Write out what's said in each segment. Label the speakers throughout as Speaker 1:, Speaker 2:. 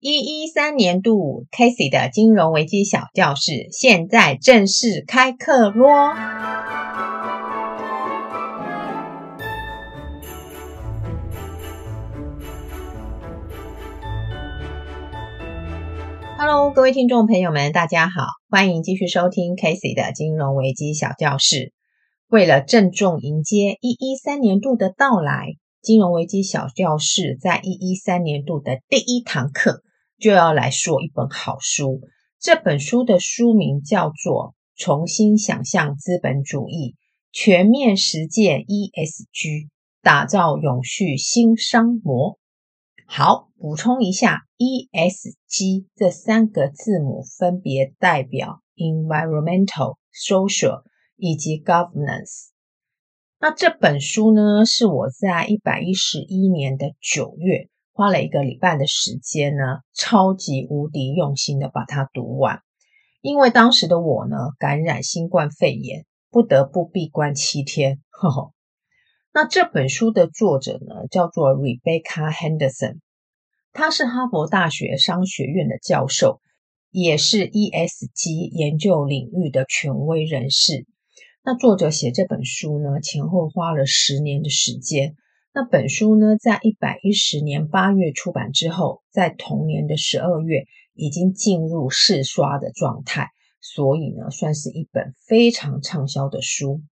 Speaker 1: 一一三年度 Casey 的金融危機小教室現在正式開課咯。Hello, 各位聽眾朋友們，大家好，歡迎繼續收聽 Casey 的金融危機小教室。為了鄭重迎接一一三年度的到來，金融危機小教室在一一三年度的第一堂課。就要來說一本好書。這本書的書名叫做《重新想象資本主義：全面實踐 ESG，打造永續新商模》。好，補充一下，ESG 這三個字母分別代表 environmental、social 以及 governance。那這本書呢，是我在一百一十一年的九月，花了一個禮拜的時間呢，超級無敵用心的把它讀完，因為當時的我呢，感染新冠肺炎，不得不閉關七天，呵呵。那這本書的作者呢，叫做 Rebecca Henderson，他是哈佛大學商學院的教授，也是 ESG 研究領域的權威人士。那作者寫這本書呢，前後花了十年的時間。那本書呢，在一百一十年八月出版之後，在同年的十二月已經進入十刷的狀態，所以呢，算是一本非常暢銷的書。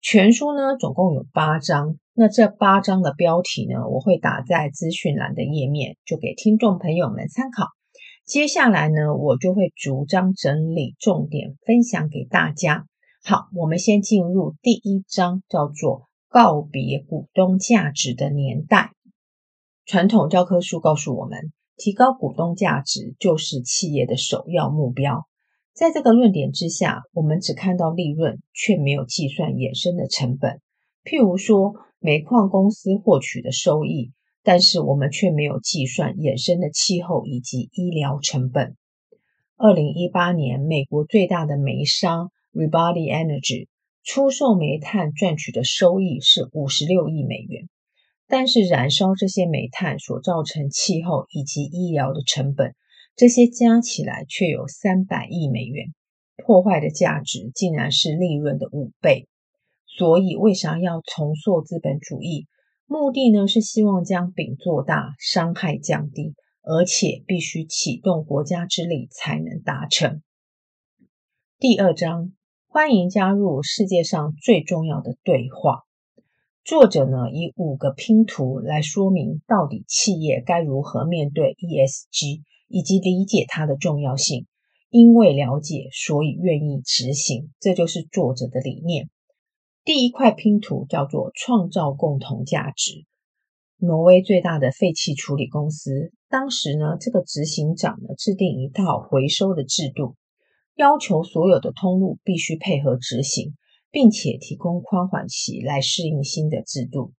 Speaker 1: 全書呢，總共有八章。那這八章的標題呢，我會打在資訊欄的頁面，就給聽眾朋友們參考。接下來呢，我就會逐章整理重點分享給大家。好，我們先進入第一章，叫做。告別股東價值的年代。傳統教科書告訴我們，提高股東價值就是企業的首要目標。在這個論點之下，我們只看到利潤，卻沒有計算衍生的成本。譬如說，煤礦公司獲取的收益，但是我們卻沒有計算衍生的氣候以及醫療成本。二零一八年，美國最大的煤商 Rebody Energy。出售煤炭賺取的收益是五十六億美元，但是燃燒這些煤炭所造成氣候以及醫療的成本，這些加起來卻有三百億美元，破壞的價值竟然是利潤的五倍。所以為啥要重塑資本主義？目的呢，是希望將餅做大，傷害降低，而且必須啟動國家之力才能達成。第二章。歡迎加入世界上最重要的對話。作者呢，以五個拼圖來說明到底企業該如何面對 ESG 以及理解它的重要性。因為了解，所以願意執行，這就是作者的理念。第一塊拼圖叫做創造共同價值。挪威最大的廢棄處理公司，當時呢，這個執行長呢，制定一套回收的制度。要求所有的通路必須配合執行，並且提供寬緩期來適應新的制度。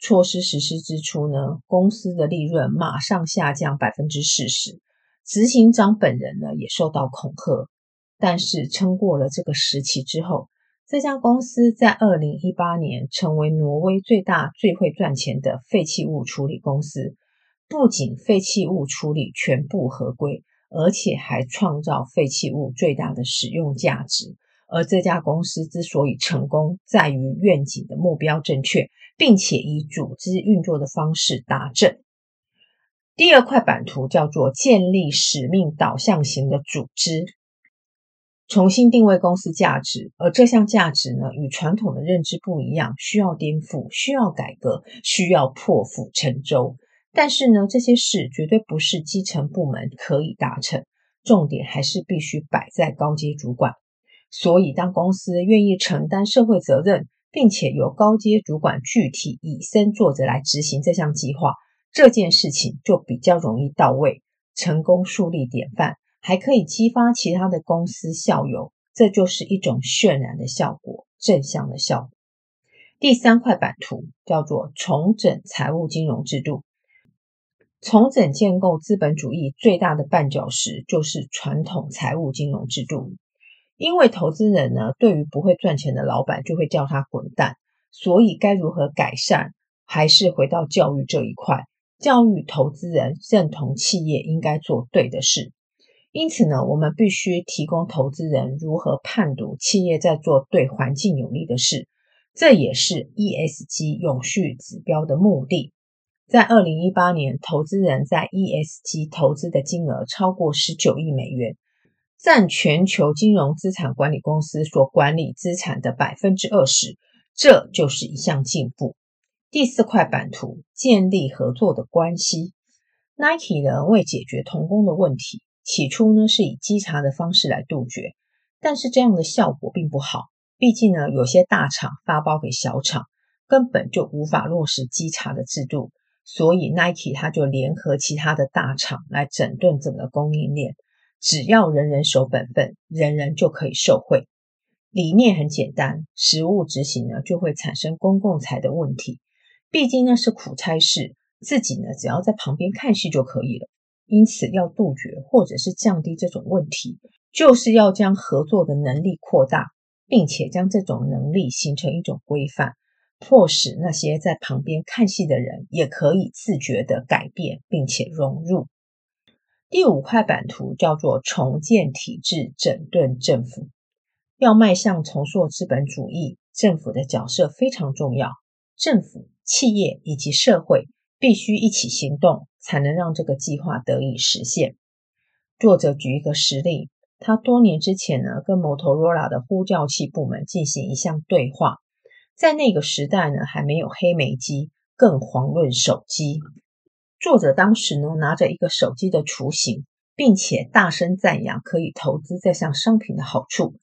Speaker 1: 措施實施之初呢，公司的利潤馬上下降百分之四十，執行長本人呢也受到恐嚇。但是撐過了這個時期之後，這家公司在二零一八年成為挪威最大、最會賺錢的廢棄物處理公司，不僅廢棄物處理全部合規。而且還創造廢棄物最大的使用價值。而這家公司之所以成功，在於願景的目標正確，並且以組織運作的方式達正。第二塊拼圖叫做建立使命導向型的組織，重新定位公司價值。而這項價值呢，與傳統的認知不一樣，需要顛覆，需要改革，需要破釜沉舟。但是呢，這些事絕對不是基層部門可以達成，重點還是必須擺在高階主管。所以，當公司願意承擔社會責任，並且由高階主管具體以身作則來執行這項計劃，這件事情就比較容易到位，成功樹立典範，還可以激發其他的公司效尤。這就是一種渲染的效果，正向的效果。第三塊版圖叫做重整財務金融制度。重整建構資本主義最大的絆腳石就是傳統財務金融制度，因為投資人呢對於不會賺錢的老闆就會叫他滾蛋，所以該如何改善？還是回到教育這一塊，教育投資人認同企業應該做對的事。因此呢，我們必須提供投資人如何判讀企業在做對環境有利的事，這也是 ESG 永續指標的目的。在二零一八年，投資人在 ESG 投資的金額超過十九億美元，占全球金融資產管理公司所管理資產的百分之二十，這就是一項進步。第四塊版圖，建立合作的關係。Nike 呢，為解決童工的問題，起初呢是以稽查的方式來杜絕，但是這樣的效果並不好，畢竟呢有些大廠發包給小廠，根本就無法落實稽查的制度。所以，Nike 他就聯合其他的大廠來整頓整個供應鏈。只要人人守本分，人人就可以受惠。理念很簡單，實務執行呢就會產生公共財的問題。畢竟呢是苦差事，自己呢只要在旁邊看戲就可以了。因此，要杜絕或者是降低這種問題，就是要將合作的能力擴大，並且將這種能力形成一種規範。迫使那些在旁邊看戲的人也可以自覺地改變，並且融入。第五塊版圖叫做重建體制、整頓政府。要邁向重塑資本主義，政府的角色非常重要。政府、企業以及社會必須一起行動，才能讓這個計劃得以實現。作者舉一個實例，他多年之前呢，跟摩托羅拉的呼叫器部門進行一項對話。在那個時代呢，還沒有黑莓機，更遑論手機。作者當時呢，拿着一個手機的雛形，並且大聲讚揚可以投資這項商品的好處。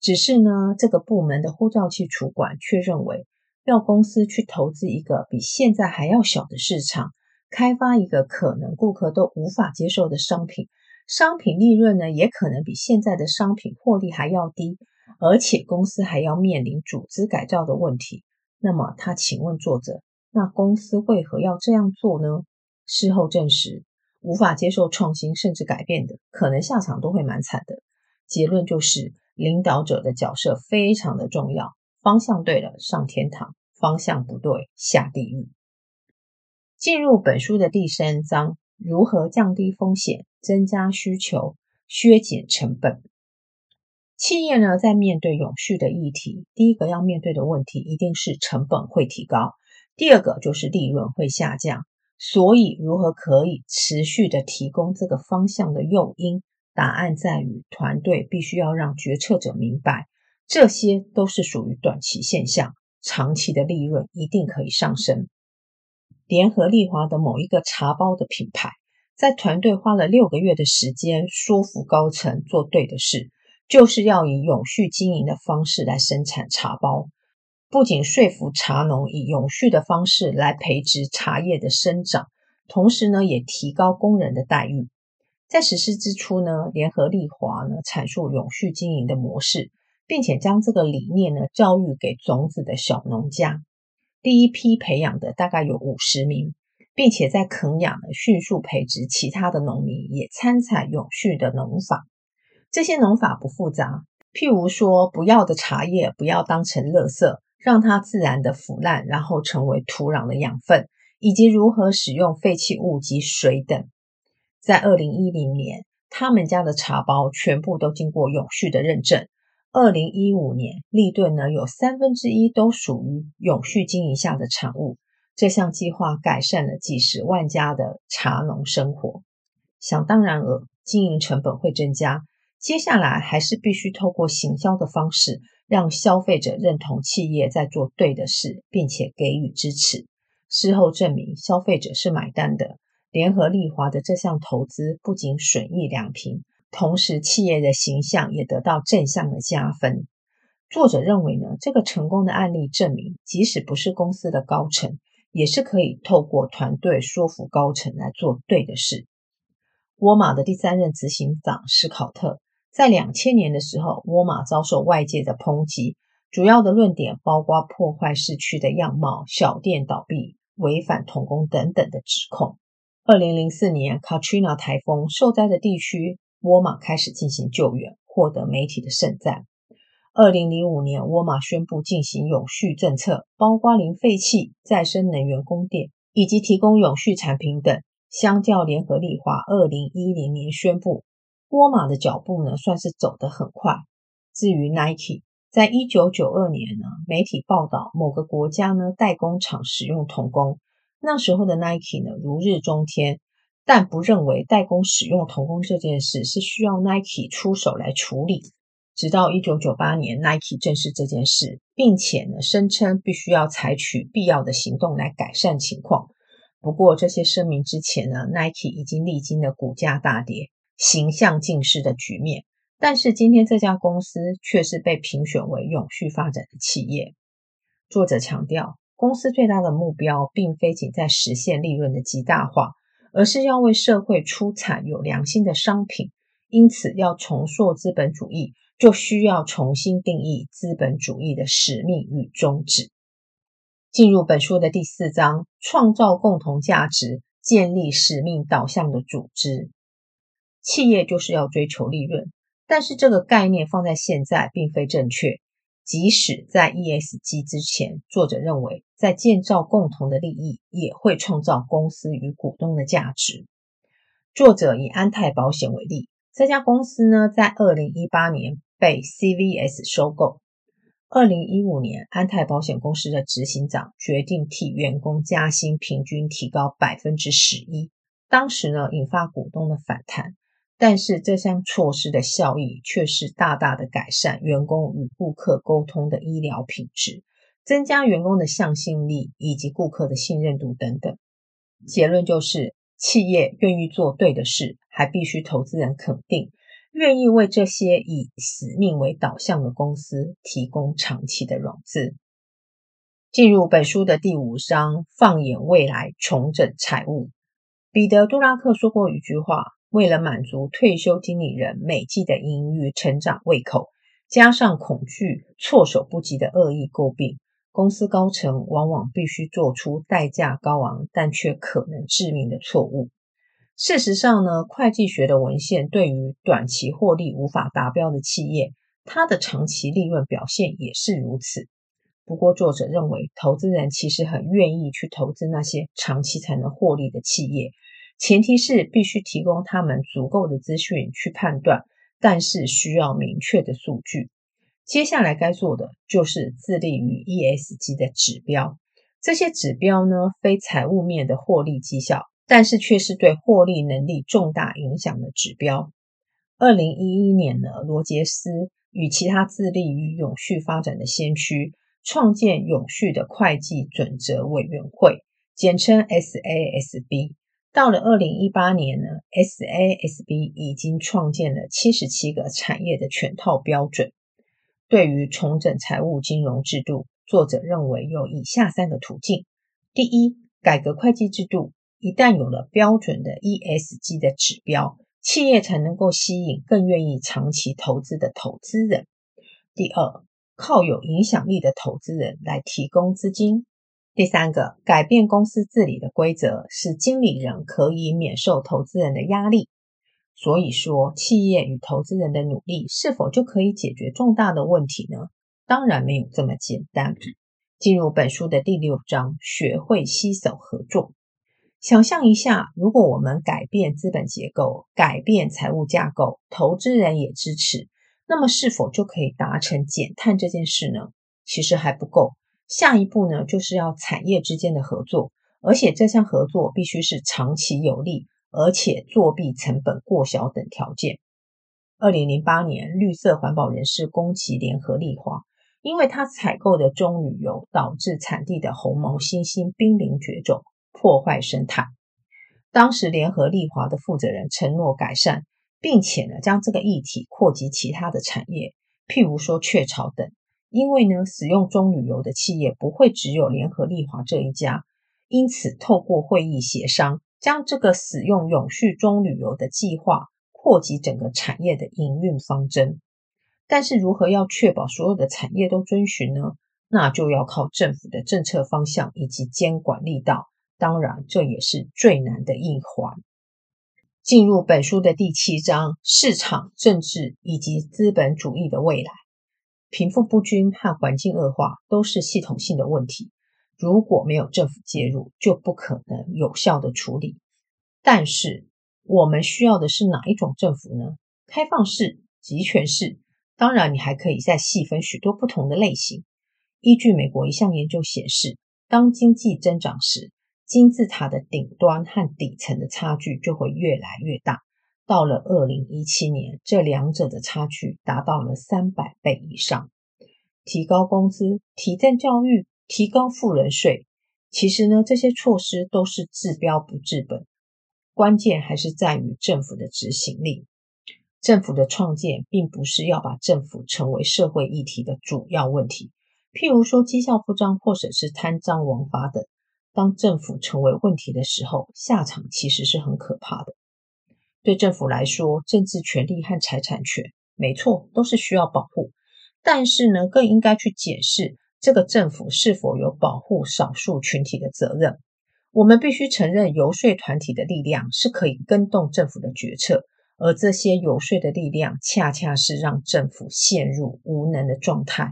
Speaker 1: 只是呢，這個部門的呼叫器主管卻認為，要公司去投資一個比現在還要小的市場，開發一個可能顧客都無法接受的商品，商品利潤呢，也可能比現在的商品獲利還要低。而且公司還要面臨組織改造的問題。那麼，他請問作者，那公司為何要這樣做呢？事後證實，無法接受創新甚至改變的，可能下場都會蠻慘的。結論就是，領導者的角色非常的重要。方向對了，上天堂；方向不對，下地獄。進入本書的第三章，如何降低風險、增加需求、削減成本。企業呢，在面對永續的議題，第一個要面對的問題一定是成本會提高，第二個就是利潤會下降。所以，如何可以持續的提供這個方向的誘因？答案在於團隊必須要讓決策者明白，這些都是屬於短期現象，長期的利潤一定可以上升。聯合利華的某一個茶包的品牌，在團隊花了六個月的時間，說服高層做對的事。就是要以永續經營的方式來生產茶包，不僅說服茶農以永續的方式來培植茶葉的生長，同時呢，也提高工人的待遇。在實施之初呢，聯合利華呢闡述永續經營的模式，並且將這個理念呢教育給種子的小農家。第一批培養的大概有五十名，並且在肯亞呢迅速培植其他的農民也參採永續的農法。這些農法不複雜，譬如說，不要的茶葉不要當成垃圾，讓它自然的腐爛，然後成為土壤的養分，以及如何使用廢棄物及水等。在二零一零年，他們家的茶包全部都經過永續的認證。二零一五年，立頓呢有三分之一都屬於永續經營下的產物。這項計劃改善了幾十萬家的茶農生活，想當然爾，經營成本會增加。接下來還是必須透過行銷的方式，讓消費者認同企業在做對的事，並且給予支持。事後證明，消費者是買單的。聯合利華的這項投資不僅損益兩平，同時企業的形象也得到正向的加分。作者認為呢，這個成功的案例證明，即使不是公司的高層，也是可以透過團隊說服高層來做對的事。沃瑪的第三任執行長史考特。在兩千年的時候，沃爾瑪遭受外界的抨擊，主要的論點包括破壞市區的樣貌、小店倒閉、違反童工等等的指控。二零零四年，Katrina 台風受災的地區，沃爾瑪開始進行救援，獲得媒體的盛讚。二零零五年，沃爾瑪宣布進行永續政策，包括零廢棄、再生能源供電以及提供永續產品等。相較聯合利華二零一零年宣布。沃瑪的腳步呢，算是走得很快。至於 Nike，在一九九二年呢，媒體報道某個國家呢代工廠使用童工。那時候的 Nike 呢如日中天，但不認為代工使用童工這件事是需要 Nike 出手來處理。直到一九九八年，Nike 正視這件事，並且呢聲稱必須要採取必要的行動來改善情況。不過這些聲明之前呢，Nike 已經歷經了股價大跌。形象盡失的局面，但是今天這家公司卻是被評選為永續發展的企業。作者強調，公司最大的目標並非僅在實現利潤的極大化，而是要為社會出產有良心的商品。因此，要重塑資本主義，就需要重新定義資本主義的使命與宗旨。進入本書的第四章，創造共同價值，建立使命導向的組織。企業就是要追求利潤，但是這個概念放在現在並非正確。即使在 ESG 之前，作者認為在建造共同的利益也會創造公司與股東的價值。作者以安泰保險為例，這家公司呢在二零一八年被 CVS 收購。二零一五年，安泰保險公司的執行長決定替員工加薪，平均提高百分之十一，當時呢引發股東的反彈。但是這項措施的效益卻是大大的改善員工與顧客溝通的醫療品質，增加員工的向心力以及顧客的信任度等等。結論就是，企業願意做對的事，還必須投資人肯定，願意為這些以使命為導向的公司提供長期的融資。進入本書的第五章，放眼未來，重整財務。彼得·杜拉克說過一句話。為了滿足退休經理人每季的盈餘成長胃口，加上恐懼措手不及的惡意購併，公司高層往往必須做出代價高昂但卻可能致命的錯誤。事實上呢，會計學的文獻對於短期獲利無法達標的企業，它的長期利潤表現也是如此。不過，作者認為，投資人其實很願意去投資那些長期才能獲利的企業。前提是必須提供他們足夠的資訊去判斷，但是需要明確的數據。接下來該做的就是致力於 ESG 的指標。這些指標呢，非財務面的獲利績效，但是卻是對獲利能力重大影響的指標。二零一一年呢，羅杰斯與其他致力於永續發展的先驅，創建永續的會計準則委員會，簡稱 SASB。到了二零一八年呢，SASB 已經創建了七十七個產業的全套標準。對於重整財務金融制度，作者認為有以下三個途徑：第一，改革會計制度，一旦有了標準的 ESG 的指標，企業才能夠吸引更願意長期投資的投資人；第二，靠有影響力的投資人來提供資金。第三個改變公司治理的規則，是經理人可以免受投資人的壓力。所以說，企業與投資人的努力是否就可以解決重大的問題呢？當然沒有這麼簡單。進入本書的第六章，學會攜手合作。想象一下，如果我們改變資本結構，改變財務架構，投資人也支持，那麼是否就可以達成減碳這件事呢？其實還不夠。下一步呢，就是要產業之間的合作，而且這項合作必須是長期有利，而且作弊成本過小等條件。二零零八年，綠色環保人士攻擊聯合利華，因為他採購的棕櫚油導致產地的紅毛猩猩瀕臨絕種，破壞生態。當時聯合利華的負責人承諾改善，並且呢，將這個議題擴及其他的產業，譬如說雀巢等。因為呢，使用棕櫚油的企業不會只有聯合利華這一家，因此透過會議協商，將這個使用永續棕櫚油的計劃擴及整個產業的營運方針。但是如何要確保所有的產業都遵循呢？那就要靠政府的政策方向以及監管力道。當然，這也是最難的一環。進入本書的第七章：市場、政治以及資本主義的未來。貧富不均和環境惡化都是系統性的問題，如果沒有政府介入，就不可能有效的處理。但是，我們需要的是哪一種政府呢？開放式、集權式，當然，你還可以再細分許多不同的類型。依據美國一項研究顯示，當經濟增長時，金字塔的頂端和底層的差距就會越來越大。到了二零一七年，這兩者的差距達到了三百倍以上。提高工資、提振教育、提高富人稅，其實呢，這些措施都是治標不治本。關鍵還是在於政府的執行力。政府的創建並不是要把政府成為社會議題的主要問題。譬如說，績效不彰，或者是貪贓枉法等。當政府成為問題的時候，下場其實是很可怕的。對政府來說，政治權利和財產權，沒錯，都是需要保護。但是呢，更應該去解釋這個政府是否有保護少數群體的責任。我們必須承認，游說團體的力量是可以跟動政府的決策，而這些游說的力量，恰恰是讓政府陷入無能的狀態。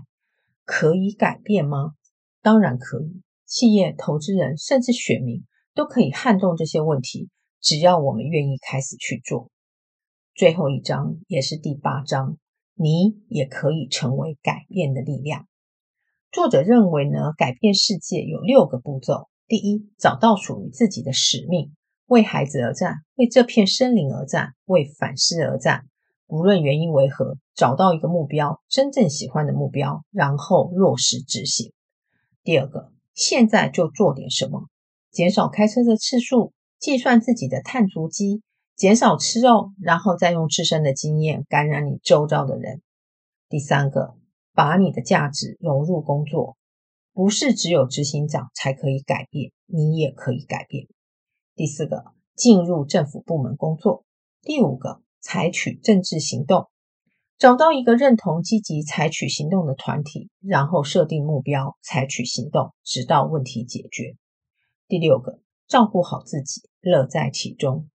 Speaker 1: 可以改變嗎？當然可以，企業、投資人，甚至選民，都可以撼動這些問題。只要我們願意開始去做，最後一章也是第八章，你也可以成為改變的力量。作者認為呢，改變世界有六個步驟：第一，找到屬於自己的使命，為孩子而戰，為這片森林而戰，為反思而戰，無論原因為何，找到一個目標，真正喜歡的目標，然後落實執行。第二個，現在就做點什麼，減少開車的次數。計算自己的碳足跡，減少吃肉，然後再用自身的經驗感染你周遭的人。第三個，把你的價值融入工作，不是只有執行長才可以改變，你也可以改變。第四個，進入政府部門工作。第五個，採取政治行動，找到一個認同積極採取行動的團體，然後設定目標，採取行動，直到問題解決。第六個。照顧好自己，樂在其中。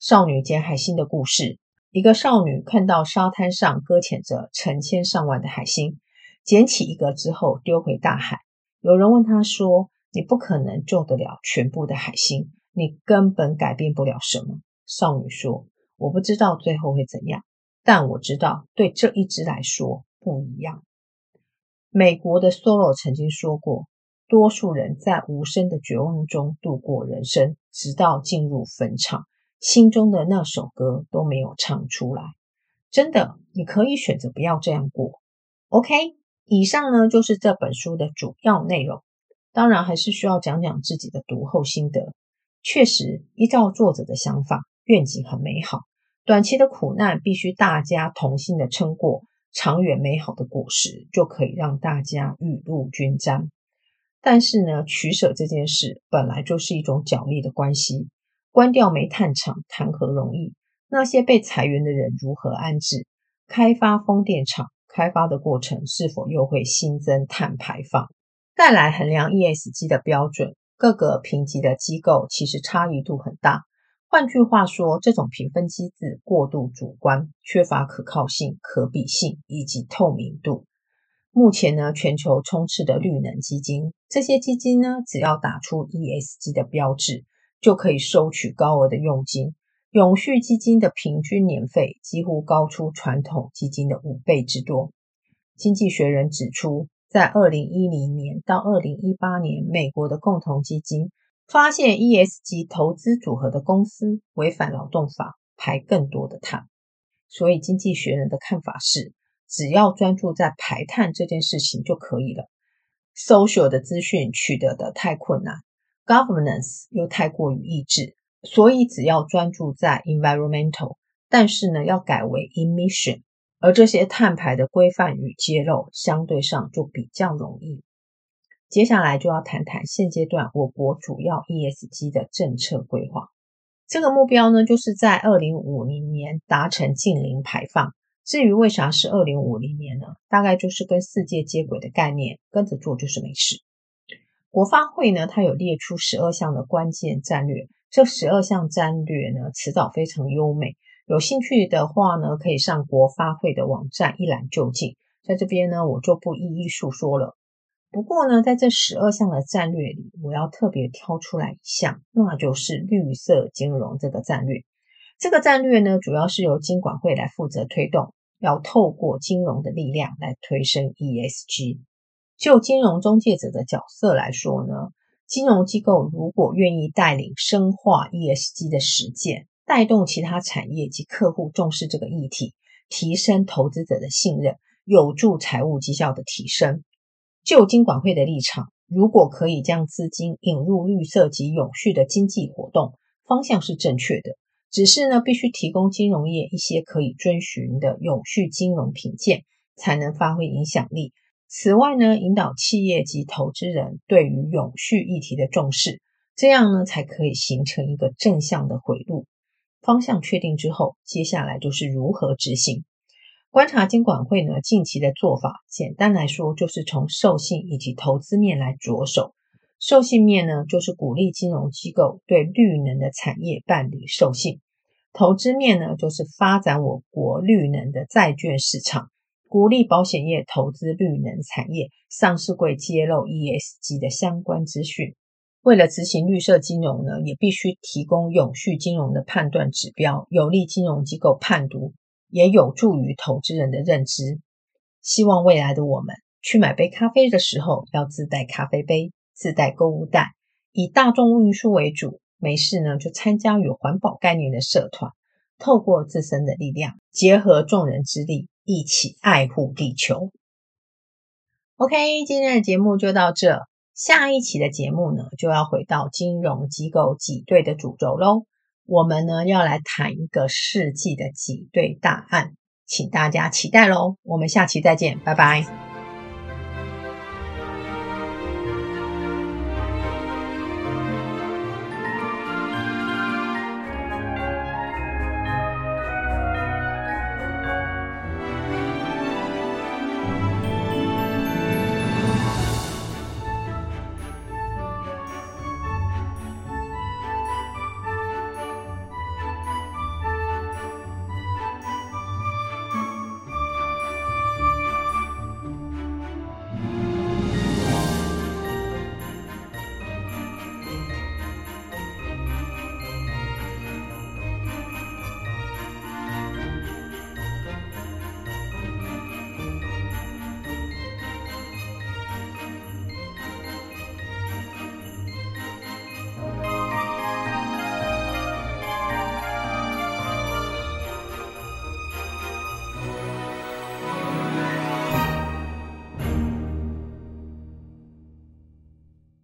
Speaker 1: 少女撿海星的故事：一個少女看到沙灘上擱淺着成千上萬的海星，撿起一個之後丟回大海。有人問她說：“你不可能救得了全部的海星，你根本改變不了什麼。”少女說：“我不知道最後會怎樣，但我知道對這一隻來說不一樣。”美國的 Solo 曾經說過。多數人在無聲的絕望中度過人生，直到進入墳場，心中的那首歌都沒有唱出來。真的，你可以選擇不要這樣過。OK，以上呢就是這本書的主要內容。當然，還是需要講講自己的讀後心得。確實，依照作者的想法，願景很美好。短期的苦難必須大家同心的撐過，長遠美好的果實就可以讓大家雨露均沾。但是呢，取捨這件事本來就是一種角力的關係。關掉煤炭廠談何容易？那些被裁員的人如何安置？開發風電場，開發的過程是否又會新增碳排放？再來衡量 ESG 的標準，各個評級的機構其實差異度很大。換句話說，這種評分機制過度主觀，缺乏可靠性、可比性以及透明度。目前呢，全球充斥的綠能基金，這些基金呢，只要打出 ESG 的標誌，就可以收取高額的佣金。永續基金的平均年費幾乎高出傳統基金的五倍之多。經濟學人指出，在二零一零年到二零一八年，美國的共同基金發現 ESG 投資組合的公司違反勞動法，排更多的碳。所以，經濟學人的看法是。只要專注在排碳這件事情就可以了。Social 的資訊取得的太困難，Governance 又太過於抑制，所以只要專注在 Environmental，但是呢要改為 Emission，而這些碳排的規範與揭露相對上就比較容易。接下來就要談談現階段我國主要 ESG 的政策規劃。這個目標呢，就是在二零五零年達成淨零排放。至於為啥是二零五零年呢？大概就是跟世界接軌的概念，跟着做就是沒事。國發會呢，它有列出十二項的關鍵戰略，這十二項戰略呢，辭藻非常優美。有興趣的話呢，可以上國發會的網站一覽究竟。在這邊呢，我就不一一述說了。不過呢，在這十二項的戰略裡，我要特別挑出來一項，那就是綠色金融這個戰略。這個戰略呢，主要是由金管會來負責推動，要透過金融的力量來推升 ESG。就金融中介者的角色來說呢，金融機構如果願意帶領深化 ESG 的實踐，帶動其他產業及客戶重視這個議題，提升投資者的信任，有助財務績效的提升。就金管會的立場，如果可以將資金引入綠色及永續的經濟活動，方向是正確的。只是呢，必須提供金融業一些可以遵循的永續金融品鑑，才能發揮影響力。此外呢，引導企業及投資人對於永續議題的重視，這樣呢，才可以形成一個正向的回路。方向確定之後，接下來就是如何執行。觀察金管會呢，近期的做法，簡單來說，就是從授信以及投資面來着手。授信面呢，就是鼓勵金融機構對綠能的產業辦理授信；投資面呢，就是發展我國綠能的債券市場，鼓勵保險業投資綠能產業，上市櫃揭露 ESG 的相關資訊。為了執行綠色金融呢，也必須提供永續金融的判斷指標，有利金融機構判讀，也有助於投資人的認知。希望未來的我們去買杯咖啡的時候，要自帶咖啡杯。自帶購物袋，以大眾運輸為主。沒事呢，就參加有環保概念的社團，透過自身的力量，結合眾人之力，一起愛護地球。OK，今天的節目就到這，下一期的節目呢，就要回到金融機構擠兌的主軸嘍。我們呢，要來談一個世紀的擠兌大案，請大家期待嘍。我們下期再見，拜拜。